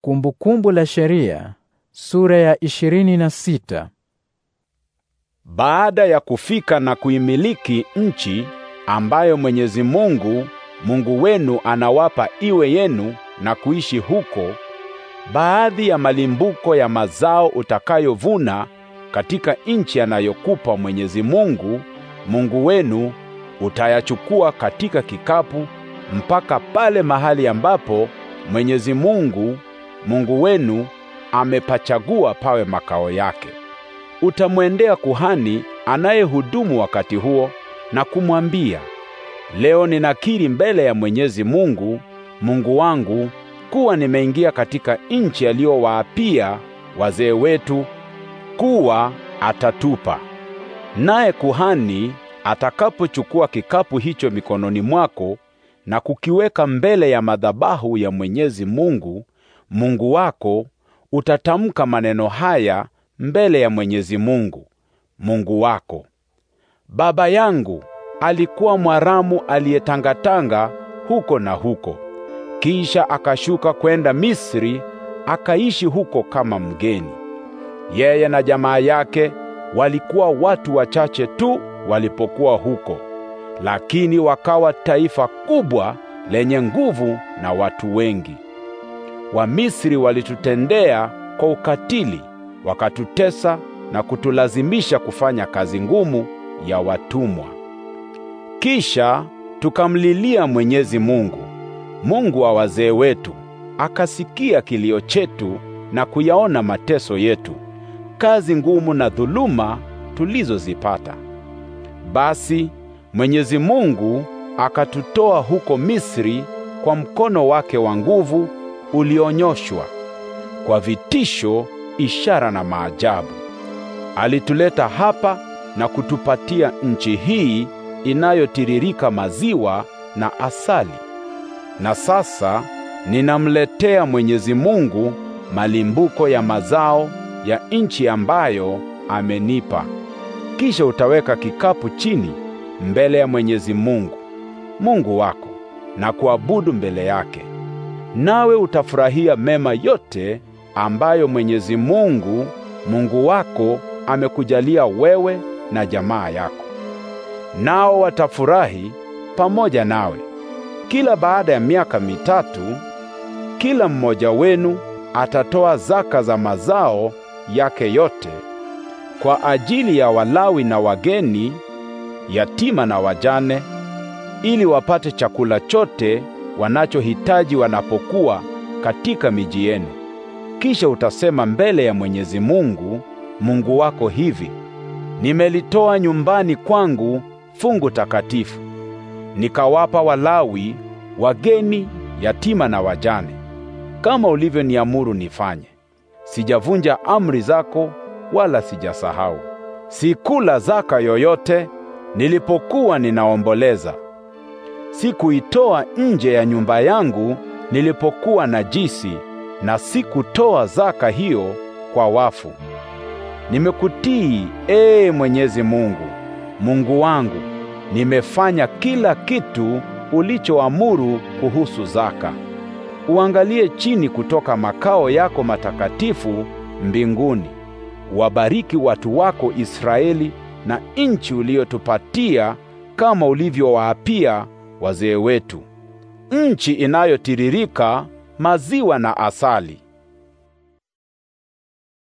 Kumbukumbu la Sheria sura ya na sita. Baada ya kufika na kuimiliki nchi ambayo Mwenyezi Mungu Mungu wenu anawapa iwe yenu na kuishi huko, baadhi ya malimbuko ya mazao utakayovuna katika nchi anayokupa Mwenyezi Mungu Mungu wenu utayachukua katika kikapu mpaka pale mahali ambapo Mwenyezi Mungu Mungu wenu amepachagua pawe makao yake. Utamwendea kuhani anayehudumu wakati huo na kumwambia, leo ninakiri mbele ya Mwenyezi Mungu, Mungu wangu, kuwa nimeingia katika nchi aliyowaapia wazee wetu kuwa atatupa. Naye kuhani atakapochukua kikapu hicho mikononi mwako na kukiweka mbele ya madhabahu ya Mwenyezi Mungu Mungu wako utatamka maneno haya mbele ya Mwenyezi Mungu Mungu wako. Baba yangu alikuwa Mwaramu aliyetangatanga huko na huko, kisha akashuka kwenda Misri akaishi huko kama mgeni. Yeye na jamaa yake walikuwa watu wachache tu walipokuwa huko, lakini wakawa taifa kubwa lenye nguvu na watu wengi. Wamisri walitutendea kwa ukatili, wakatutesa na kutulazimisha kufanya kazi ngumu ya watumwa. Kisha tukamlilia Mwenyezi Mungu, Mungu wa wazee wetu, akasikia kilio chetu na kuyaona mateso yetu, kazi ngumu na dhuluma tulizozipata. Basi Mwenyezi Mungu akatutoa huko Misri kwa mkono wake wa nguvu ulionyoshwa kwa vitisho, ishara na maajabu. Alituleta hapa na kutupatia nchi hii inayotiririka maziwa na asali. Na sasa ninamletea Mwenyezi Mungu malimbuko ya mazao ya nchi ambayo amenipa. Kisha utaweka kikapu chini mbele ya Mwenyezi Mungu Mungu wako na kuabudu mbele yake nawe utafurahia mema yote ambayo Mwenyezi Mungu Mungu wako amekujalia wewe na jamaa yako. Nao watafurahi pamoja nawe. Kila baada ya miaka mitatu, kila mmoja wenu atatoa zaka za mazao yake yote kwa ajili ya Walawi na wageni, yatima na wajane, ili wapate chakula chote wanachohitaji wanapokuwa katika miji yenu. Kisha utasema mbele ya Mwenyezi Mungu, Mungu wako hivi: Nimelitoa nyumbani kwangu fungu takatifu. Nikawapa Walawi, wageni, yatima na wajane, kama ulivyoniamuru nifanye. Sijavunja amri zako wala sijasahau. Sikula zaka yoyote nilipokuwa ninaomboleza sikuitoa nje ya nyumba yangu nilipokuwa najisi, na sikutoa zaka hiyo kwa wafu. Nimekutii, ee Mwenyezi Mungu, Mungu wangu, nimefanya kila kitu ulichoamuru kuhusu zaka. Uangalie chini kutoka makao yako matakatifu mbinguni. Wabariki watu wako Israeli na nchi uliyotupatia kama ulivyowaapia wazee wetu, nchi inayotiririka maziwa na asali.